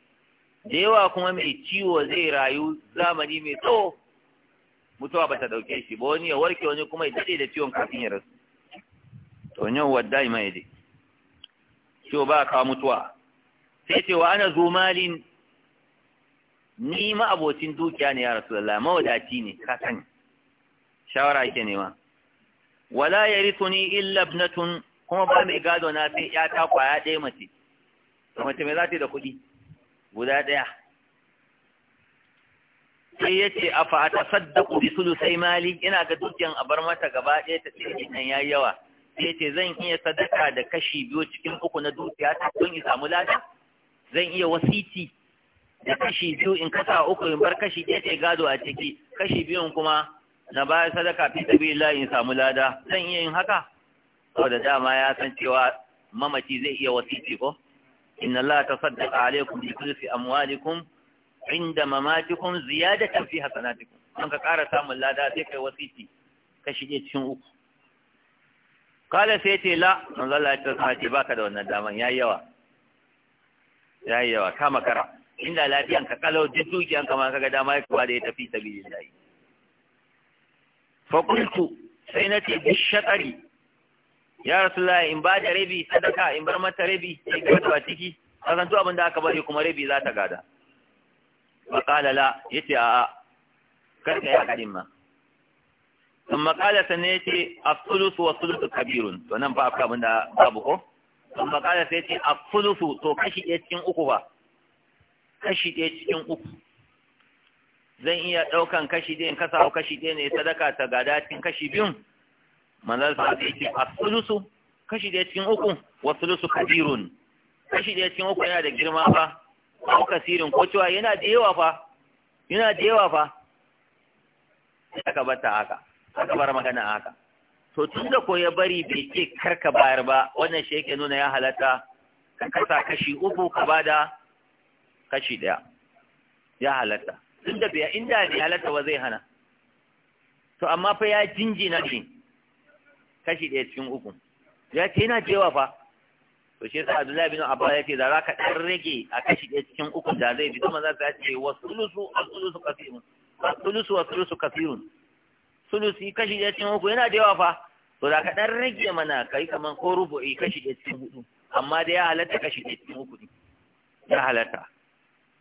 da yawa kuma mai ciwo zai rayu zamani mai tsawo mutuwa ba ta dauke shi ba wani ya warke wani kuma ya dade da ciwon kafin ya rasu to yau wadda ima ya dai ciwo ba ka mutuwa sai ce wa ana zo malin ni ma abocin dukiya ne ya rasulullah mawadaci ne ka sani shawara yake nema wala yarithuni illa ibnatun kuma ba mai gado na sai ya ta kwaya ɗaya mace mace mai zata da kuɗi guda ɗaya sai ya ce a fa a tasaddaku bi mali ina ga dukiyan a bar mata gaba ɗaya ta ce nan yayi yawa sai ce zan iya sadaka da kashi biyu cikin uku na dukiya ta don in samu lada zan iya wasiti da kashi biyu in kasa uku in bar kashi ɗaya ta gado a ciki kashi biyun kuma na bayar sadaka fi sabilillah in samu lada zan iya yin haka saboda dama ya san cewa mamaci zai iya wasiti ko inna allaha tasaddaqa alaykum bi kulli amwalikum inda mamatikum ziyadatan fi hasanatikum an ka ƙara samun lada sai kai wasiti kashi ɗaya cikin uku kala sai ce la manzo Allah ya ce baka da wannan daman yayi yawa yayi yawa kama kara inda lafiyan ka kalau duk dukiyan ka ma kaga dama ya kuwa da ya tafi sabilillah fa qultu sai nace bi shatari ya rasulullah in ba da rabi sadaka in bar mata rabi sai ka ta ciki kasan to abin da aka bari kuma rabi za ta gada fa qala la yace a kar ka yi kadin ma amma qala sanne yace as-sulusu wa sulusu kabirun to nan fa abin da babu ko amma qala sai yace as-sulusu to kashi ɗaya cikin uku ba kashi ɗaya cikin uku zan iya ɗaukan kashi ɗaya in ka samu kashi ɗaya ne sadaka ta gada cikin kashi biyun manzal sa yi a sulusu kashi ɗaya cikin uku Kabiru kabirun kashi ɗaya cikin uku yana da girma fa ko kasirin ko cewa yana da yawa fa yana da yawa fa aka bata haka aka bar magana haka to tun da ko ya bari bai ce karka bayar ba wannan shi yake nuna ya halatta ka kasa kashi uku ka bada kashi ɗaya ya halatta duk da biya inda ne halatta ba zai hana to amma fa ya jinjina shi kashi ɗaya cikin uku ya ce yana jewa fa to shi yasa Abdullahi bin Abba ya ce da za ka dan rage a kashi ɗaya cikin uku da zai kuma za ka ce wa sulusu wa sulusu kasirun wa sulusu wa sulusu kasirun sulusi kashi ɗaya cikin uku yana da yawa fa to da ka dan rage mana kai kaman ko rubu'i kashi ɗaya cikin hudu amma da ya halatta kashi ɗaya cikin uku ne ya halatta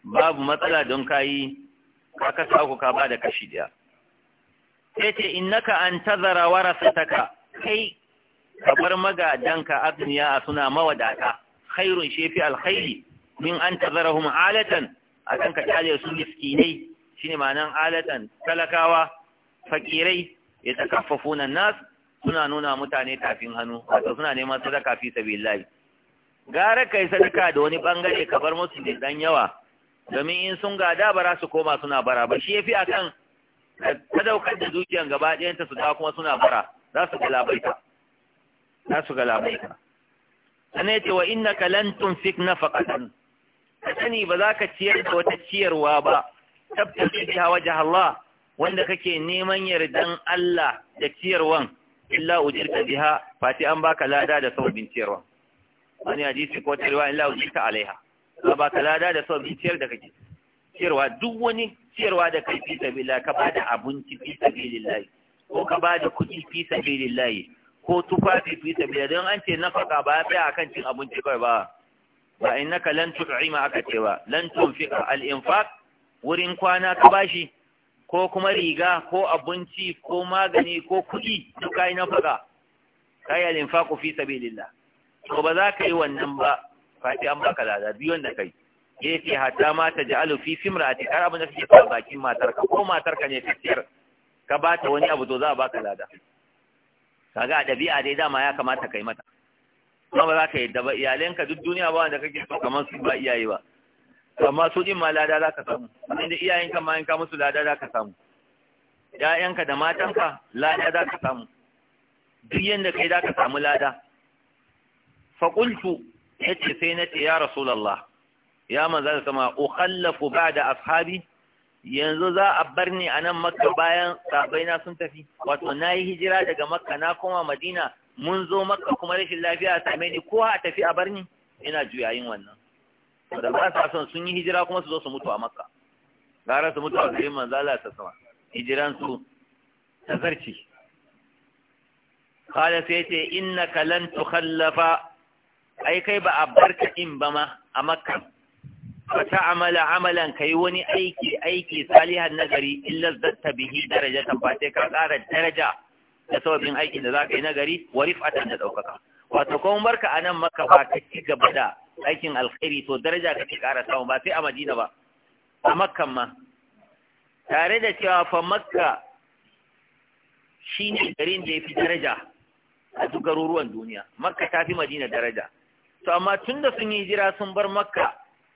babu matsala don kayi ka kasa ku ka bada kashi daya sai ce innaka an tazara warasataka kai ka bar magadanka a suna mawadata khairun shefi alkhairi min an tazarahum alatan akan ka kyale su miskinai shine ma'anan alatan talakawa fakirai ya takaffafuna nas suna nuna mutane kafin hannu wato suna neman sadaka fi sabilillah gara kai sadaka da wani bangare ka bar musu da dan yawa domin in sun gada ba za su koma suna bara ba shi ya yafi akan ta daukar da dukiyan gaba ɗayanta su dawo kuma suna bara za su galabaita za su galabaita sannan yace wa fik lan tunfik nafaqatan ka sani ba za ka ciyar da wata ciyarwa ba da biha wajh Allah wanda kake neman yardan Allah da ciyarwan illa ujirka biha fati an baka lada da sabbin ciyarwa wani hadisi ko tarwa illa ujirka alaiha za ba ka lada da son ciyar da kake ciyarwa duk wani ciyarwa da kai fi sabilillah ka bada abinci fi sabilillah ko ka bada kuɗi fi sabilillah ko tufafi fi sabilillah don an ce nafaka ba ya akan cin abinci kawai ba ba innaka lan tut'ima aka ce ba lan tunfiqa al-infaq wurin kwana ka bashi ko kuma riga ko abinci ko magani ko kuɗi duk kai nafaka kai al-infaqu fi sabilillah to ba za ka yi wannan ba fati an baka lada biyu wanda kai ya ce hatta ma ta ja'alu fi simrati kar abin da kake kawo bakin matarka ko matarka ne fitiyar ka ba ta wani abu to za a baka lada kaga a ɗabi'a dai dama ya kamata kai mata kuma ba za ka yadda ba iyalenka duk duniya ba wanda kake so kamar su ba iyaye ba amma su din ma lada za ka samu inda iyayenka ma in ka musu lada za ka samu ka da matanka lada za ka samu, duk yanda kai za ka samu lada. qultu yace sai na ce ya rasulullah ya manzo sama ukhallafu ba'da ashabi yanzu za a bar ni a nan makka bayan sabaina sun tafi wato na yi hijira daga makka na koma madina mun zo makka kuma rashin lafiya a same ni ko a tafi a bar ni ina juyayin wannan da ba sa son sun yi hijira kuma su zo su mutu a makka gara su mutu a garin manzo Allah ta sama hijiran su ta zarci qala sai ce innaka lan tukhallafa ai kai ba a barka in ba ma a makka fa amala amalan kai wani aiki aiki salihan nagari illa zatta bihi ta ba sai ka tsara daraja da sababin aikin da zaka yi nagari wa rifata da daukaka wato kuma barka a nan makka ba ka ci gaba da aikin alkhairi to daraja ka ci ƙara samu ba sai a madina ba a makkan ma tare da cewa fa makka shi ne garin da ya fi daraja a duk garuruwan duniya makka ta fi madina daraja to amma tun da sun yi jira sun bar makka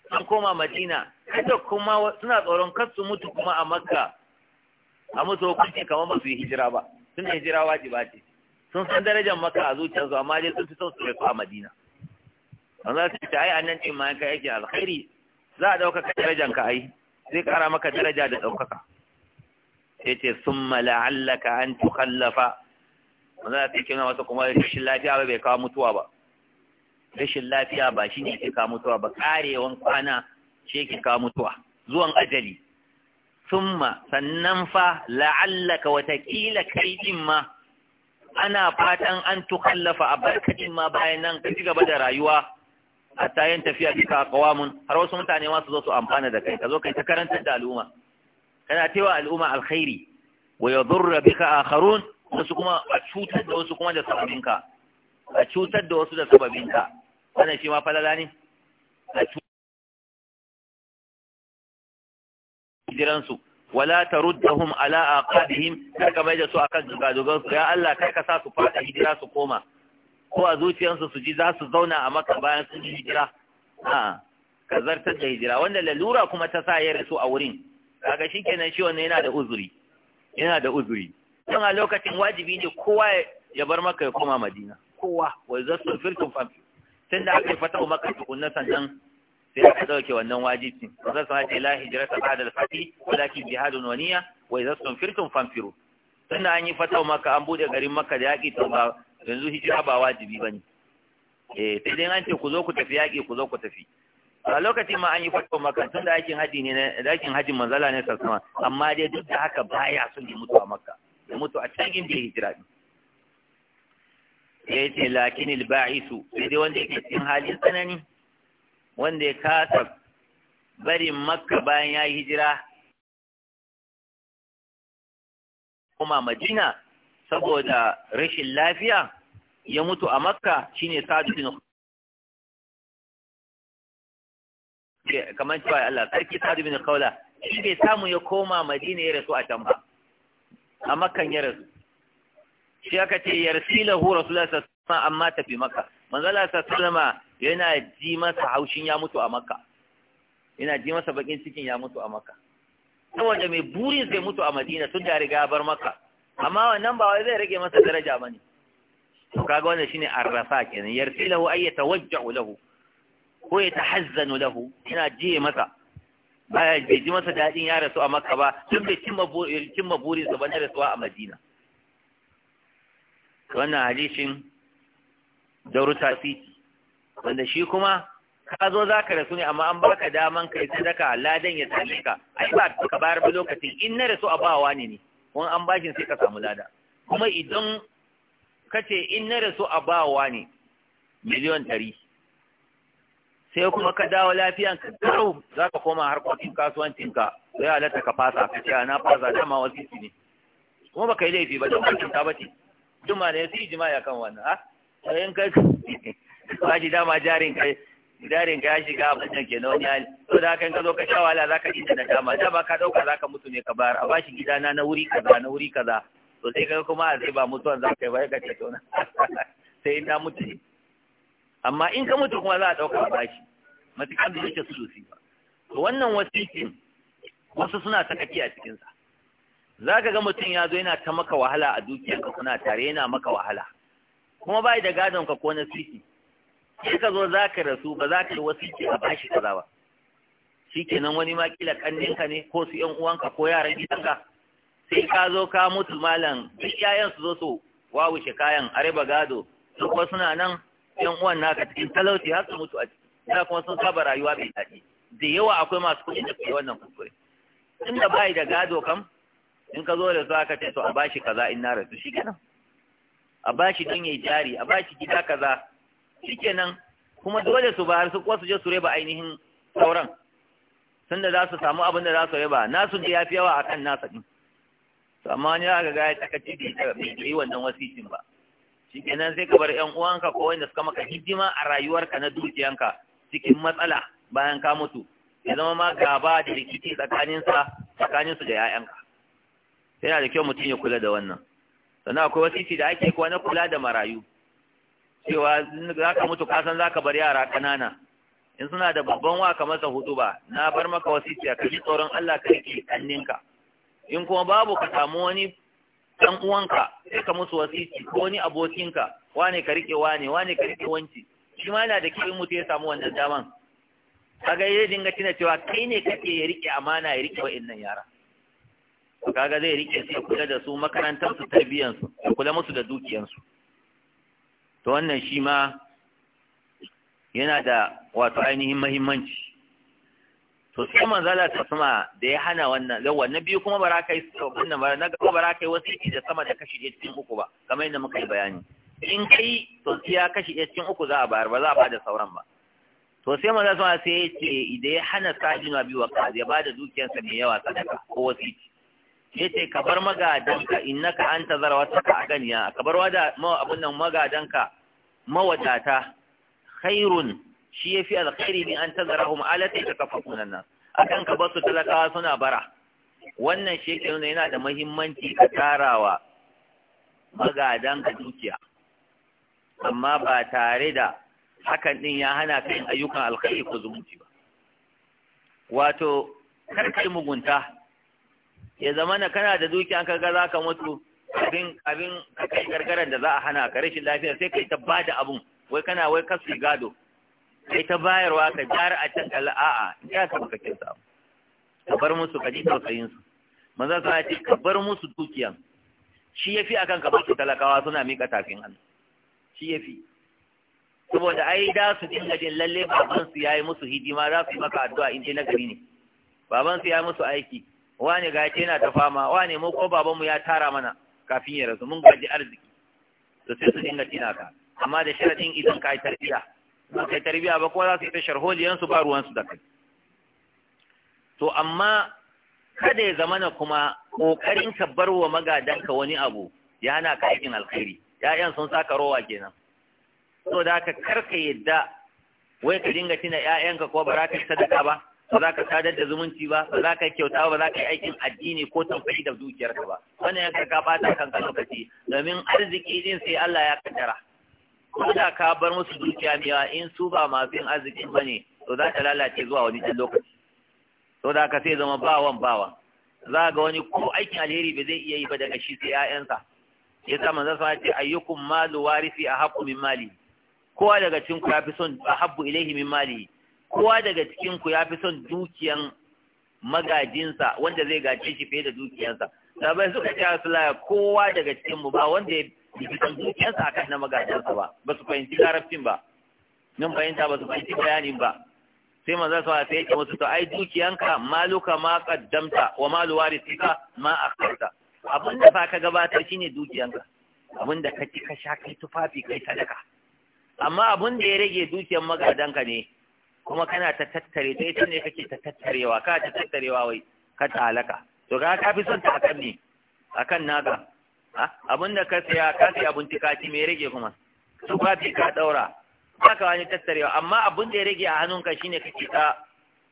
sun koma madina kada kuma suna tsoron kar su mutu kuma a makka a musu hukunci kamar ba su yi hijira ba tun da hijira wajiba ce sun san darajar makka a zuciyarsu amma dai sun fi son su rayu a madina an za su ce ai annan ce ma yanka yake alkhairi za a ɗaukaka darajar ka ai zai ƙara maka daraja da ɗaukaka sai ce summa la'allaka an tukallafa wanda ta kuma wasu kuma rashin lafiya ba bai kawo mutuwa ba rashin lafiya ba shi ne ke kawo mutuwa ba karewan kwana ce ke kawo mutuwa zuwan ajali summa sannan fa la'allaka watakila kai din ma ana fatan an tukallafa a barkatin ma bayan nan ka ci gaba da rayuwa a tayin tafiya duka a kawamun har wasu mutane ma su zo su amfana da kai ka zo kai ta karantar da al'umma kana wa al'umma alkhairi wa yadurra bika akharun wasu kuma a cutar da wasu kuma da sababinka a cutar da wasu da sababinka wannan shi ma falala ne a jiransu wala taruddahum ala aqabihim karka mai da su akan dugadugan su ya Allah kai ka sa su fada hijira su koma ko a zuciyarsu su ji za su zauna a maka bayan sun yi hijira a ka zartar da hijira wanda lalura kuma ta sa ya rasu a wurin kaga shikenan shi wannan yana da uzuri yana da uzuri don a lokacin wajibi ne kowa ya bar maka ya koma madina kowa wa zasu firkum fa tun da aka yi fata maka tukunna sannan sai aka dauke wannan wajibi rasul sallallahu alaihi la hijrata ba'da al-fath walakin jihadun wa niyya wa idza sunfirtum famfiro tun da an yi fata maka an bude garin maka da yaƙi ta ba yanzu hijira ba wajibi ne eh sai dai an ce ku zo ku tafi yaƙi, ku zo ku tafi a lokacin ma an yi fata maka tun da aikin haji ne da aikin hajji, manzala ne sassama. amma dai duk da haka baya son ya mutu a makka ya mutu a cikin inda hijira din ya ce lakin alba'isu sai dai wanda yake cikin halin tsanani wanda ya kasa barin makka bayan ya yi hijira kuma madina saboda rashin lafiya ya mutu a makka shine sa'adu bin kamar cewa Allah sarki sa'adu bin kaula shi bai samu ya koma madina ya rasu a can ba a makkan ya rasu shi aka ce yarsilahu rasulullah sallallahu alaihi wasallam amma tafi maka manzala sallama yana ji masa haushin ya mutu a makka yana ji masa bakin cikin ya mutu a makka saboda mai burin sai mutu a madina tun da riga bar makka amma wannan ba wai zai rage masa daraja bane to kaga wannan shine arrafa kenan yarsilahu ay yatawajja'u lahu ko ya tahazzanu lahu yana ji masa baya ji masa dadin ya rasu a makka ba tun da cimma burin sa bane rasuwa a madina wannan hadisin ta fiti wanda shi kuma ka zo za ka rasu ne amma an baka daman kai sadaka ladan ya same ka yi ba ka bayar ba lokacin in na rasu a wa ne ne kuma an bakin sai ka samu lada kuma idan ka ce in na rasu a wa ne miliyon ɗari sai kuma ka dawo lafiyan ka garau za ka koma harkokin kasuwancinka sai halatta ka fasa ka ce na fasa dama wasu ne kuma baka yi laifi ba don bakin ta bace duk malamai su ya akan wannan ha to in kai ba shi dama jarin kai jarin ka ya shiga a bakin ke na wani hali to da kan ka zo ka sha wahala za ka ji da dama ba ka ɗauka za ka mutu ne ka bayar a bashi gidana na wuri kaza na wuri kaza to sai kai kuma a zai ba mutuwan za ka yi ba ka ce tona *laughs* sai in ta mutu ne amma in ka mutu kuma za a ɗauka ba shi. matuƙar da yake sulusi ba to wannan wasiƙin wasu suna sakaci a cikinsa za ka ga mutum ya zo yana ta maka wahala a ka kuna tare yana maka wahala kuma bai da gadon ka ko na siki sai ka zo za ka rasu ba za ka yi wasu ke a bashi kaza ba shikenan wani ma kila ka ne ko su yan uwanka ko yaran gidanka sai ka zo ka mutu malam duk yayan su zo su wawushe kayan areba gado su kuma suna nan yan uwan naka cikin talauci har su mutu a ciki da kuma sun saba rayuwa mai daɗi da yawa akwai masu kuɗi da kuɗi wannan kuskure tunda bai da gado kam in ka zo da su aka ce to a bashi kaza in na rasu shikenan a bashi don yayi jari a bashi gida kaza shikenan kuma dole su har su ko su je su raba ainihin sauran tunda za su samu abin da za su raba su da yafi yawa akan nasa din to amma ne aka ga ya takaci bai yi wannan wasicin ba shikenan sai ka bar ƴan uwanka ko wanda suka maka hidima a rayuwarka na dukiyanka cikin matsala bayan ka mutu ya zama ma gaba da rikici tsakaninsa tsakaninsu da 'ya'yanka yana da kyau mutum ya kula da wannan sannan akwai wasu da ake kuwa na kula da marayu cewa za ka mutu kasan za ka bar yara ƙanana in suna da babban wa kamar masa hudu ba na bar maka wasiti ka ji tsoron Allah ka rike kanninka in kuma babu ka samu wani ɗan uwanka sai ka musu wasiti ko wani abokinka wane ka rike wane wane ka rike wanci shi ma yana da kyau mutu ya samu wannan daman kaga yayin dinga tuna cewa kai ne kake ya rike amana ya rike wa'annan yara kaga zai rike su ya kula da su makarantar su tarbiyyar su ya kula musu da dukiyar su to wannan shi ma yana da wato ainihin muhimmanci to sai manzala ta sama da ya hana wannan yawa na biyu kuma bara kai wannan bara na gaba bara kai wasiki da sama da kashi ɗaya cikin uku ba kamar yadda muka yi bayani in kai to sai ya kashi ɗaya cikin uku za a bayar ba za a bada sauran ba to sai manzala sama sai ya ce idan ya hana sajin wa biyu wa ya bada dukiyarsa mai yawa sadaka ko wasiki yace ka bar magadanka innaka anta zarwataka ganiya. ka bar wada abin nan magadanka mawadata khairun shi yafi alkhairi min an tazarahum ala takafafuna nan akan ka basu talakawa suna bara wannan shi yake nuna yana da mahimmanci ka tarawa magadanka dukiya amma ba tare da hakan din ya hana ka yin ayyukan alkhairi ko zumunci ba wato kar mugunta ya zama na kana da dukiya ka ga za ka mutu abin abin ka kai gargaran da za a hana ka rashin lafiya sai kai ta ba da abun wai kana wai ka su gado kai ta bayarwa ka jar a can a ya ka baka kin samu ka bar musu ka ji tausayin su maza sa ya ce ka bar musu dukiyan shi yafi akan ka basu talakawa suna mika tafin hannu shi yafi saboda ai da su dinga jin lalle baban su yayi musu hidima za su yi maka addu'a in dai gari ne baban su yi musu aiki wani ga yana ta fama wani mu ko babanmu ya tara mana kafin ya rasu mun gaji arziki to sai su dinga tina ka amma da sharadin idan ka yi tarbiya ba kai tarbiya ba ko za su yi ta sharholiyan su ba ruwan su da kai to amma kada ya zamana kuma kokarin ka bar wa magadanka wani abu ya na ka aikin alkhairi ya'yan sun saka rowa kenan to da ka karka yadda wai ka dinga tina ƴaƴanka ko ba za ka yi sadaka ba ba za ka sadar da zumunci ba ba za ka kyauta ba za ka yi aikin addini ko tambayi da dukiyarka ba wannan ya ka bata kanka lokaci domin arziki din sai Allah ya kaddara ko da ka bar musu dukiya miya in su ba masu yin arzikin ba ne to za ta lalace zuwa wani ɗan lokaci to da ka sai zama bawan bawan za ga wani ko aikin alheri ba zai iya yi ba daga shi sai 'ya'yansa ya sa manzon sa ce ayyukum malu warisi ahaqqu min mali kowa daga cikin ku yafi son ahabbu ilaihi min mali kowa daga cikin ku ya fi son dukiyan magajinsa wanda zai gace shi fiye da dukiyansa sabai suka ce Rasulullah kowa daga cikin mu ba wanda ya fi son dukiyansa akan na magajinsa ba ba su fahimci larabcin ba mun fahimta ba su fahimci bayanin ba sai manzo sa sai yake musu to ai dukiyanka maluka ma qaddamta wa malu warisika ma akharta abinda ba ka gabatar shine dukiyanka abinda ka ci ka sha kai tufafi kai sadaka amma abin da ya rage dukiyan magadanka ne kuma kana ta tattare ta ita ne kake ta tattarewa ka ta tattarewa wai ka ta to ga ka fi son ta akan ne akan naga abin da ka saya ka sai abin tikati me rage kuma su ba fi ka daura ba ka wani tattarewa amma abin da ya rage a hannunka shine kake ta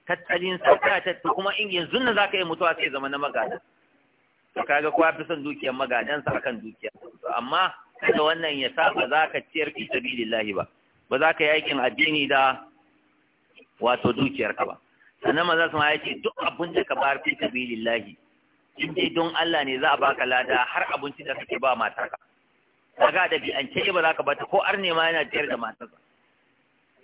tattalin sa ka tattu kuma in yanzu nan zaka yi mutuwa sai zama na magana to kaga kowa fi son dukiyar magadansa akan To amma kada wannan ya saba zaka ciyar fi sabilillahi ba ba za ka yi aikin addini da wato dukiyarka ba sannan maza su ya ce duk abin da ka bar fi lillahi in dai don Allah ne za a baka lada har abinci da kake ba matarka kaga da bi an ce ba za ka bata ko arne ma yana ciyar da ka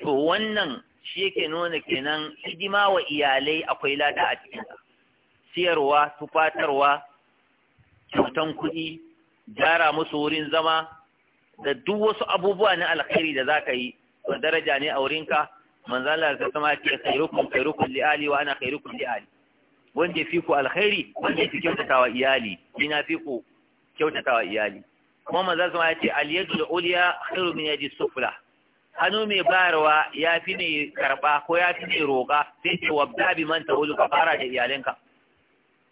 to wannan shi yake nuna kenan hidima wa iyalai akwai lada a cikin ka siyarwa tufatarwa kyautan kuɗi gyara musu wurin zama da duk wasu abubuwa na alkhairi da za ka yi to daraja ne a wurinka manzo Allah ya zama ce khairukum khairukum li ali wa ana khairukum li ali wanda fi ku alkhairi wanda fi kyautatawa iyali ina fi ku kyautatawa iyali kuma manzo sama ya ce al yadul ulya khairu min yadi sufla hannu mai bayarwa ya fi ne karba ko ya fi ne roƙa sai ce wabda bi man wulu ka fara da iyalinka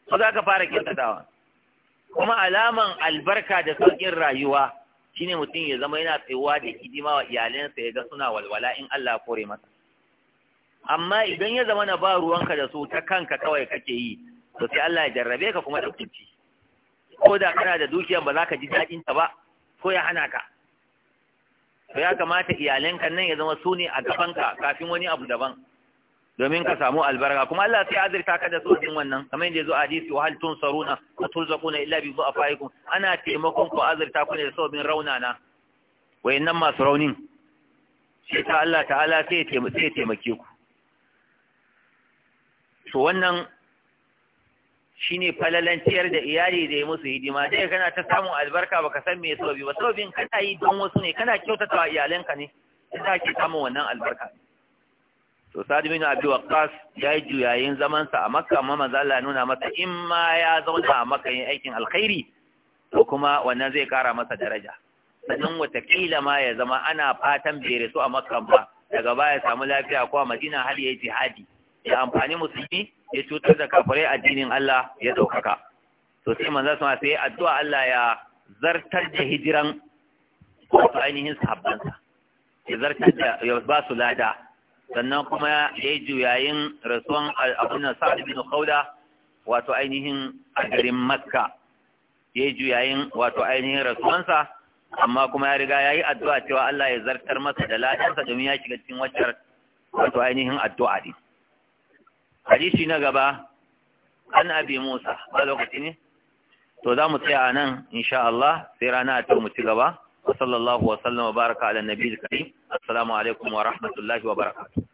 ko za ka fara kyautatawa kuma alaman albarka da sauƙin rayuwa shine mutum ya zama yana tsayuwa da hidima wa iyalansa ya ga suna walwala in Allah kore masa amma idan ya zama na ba ruwanka da su ta kanka kawai kake yi to sai Allah ya jarrabe ka kuma da kunci ko da kana da dukiya ba za ka ji daɗin ta ba ko ya hana ka to ya kamata iyalanka nan ya zama su ne a gaban ka kafin wani abu daban domin ka samu albarka kuma Allah sai azurta ka da sojin wannan kamar yadda zo hadisi wa hal tunsaruna wa turzaquna illa bi du'afaikum ana taimakon ku azurta ku ne da sabbin raunana wayannan masu raunin sai ta Allah ta'ala sai ya taimake ku to wannan shi shine falalanciyar da iyali da ya musu hidima dai kana ta samun albarka baka san me sababi ba sababin kana yi don wasu ne kana kyautata wa iyalanka ne Ina ke samun wannan albarka to Sa'ad bin Abi Waqqas ya yi juyayin zaman a Makka amma manzo Allah nuna masa in ma ya zauna a Makka yin aikin alkhairi to kuma wannan zai kara masa daraja sannan watakila ma ya zama ana fatan bai rasu a Makka ba daga baya samu lafiya ko a Madina har yi jihadi ya amfani musulmi ya cutar da kafirai addinin Allah ya ɗaukaka to sai manzo masu sai addu'a Allah ya zartar da hijiran wato ainihin sahabbansa ya zartar da ya ba su lada sannan kuma ya yi juyayin rasuwan abin sa'ad bin khawla wato ainihin a garin makka ya yi juyayin wato ainihin rasuwansa amma kuma ya riga ya yi addu'a cewa Allah ya zartar masa da ladansa domin ya shiga cikin wacce wato ainihin addu'a din hadisi na gaba an abi musa ba lokaci ne to za mu tsaya nan insha Allah sai rana ta mu ci gaba wa sallallahu wa sallama baraka ala nabiyil karim assalamu alaikum wa rahmatullahi wa barakatuh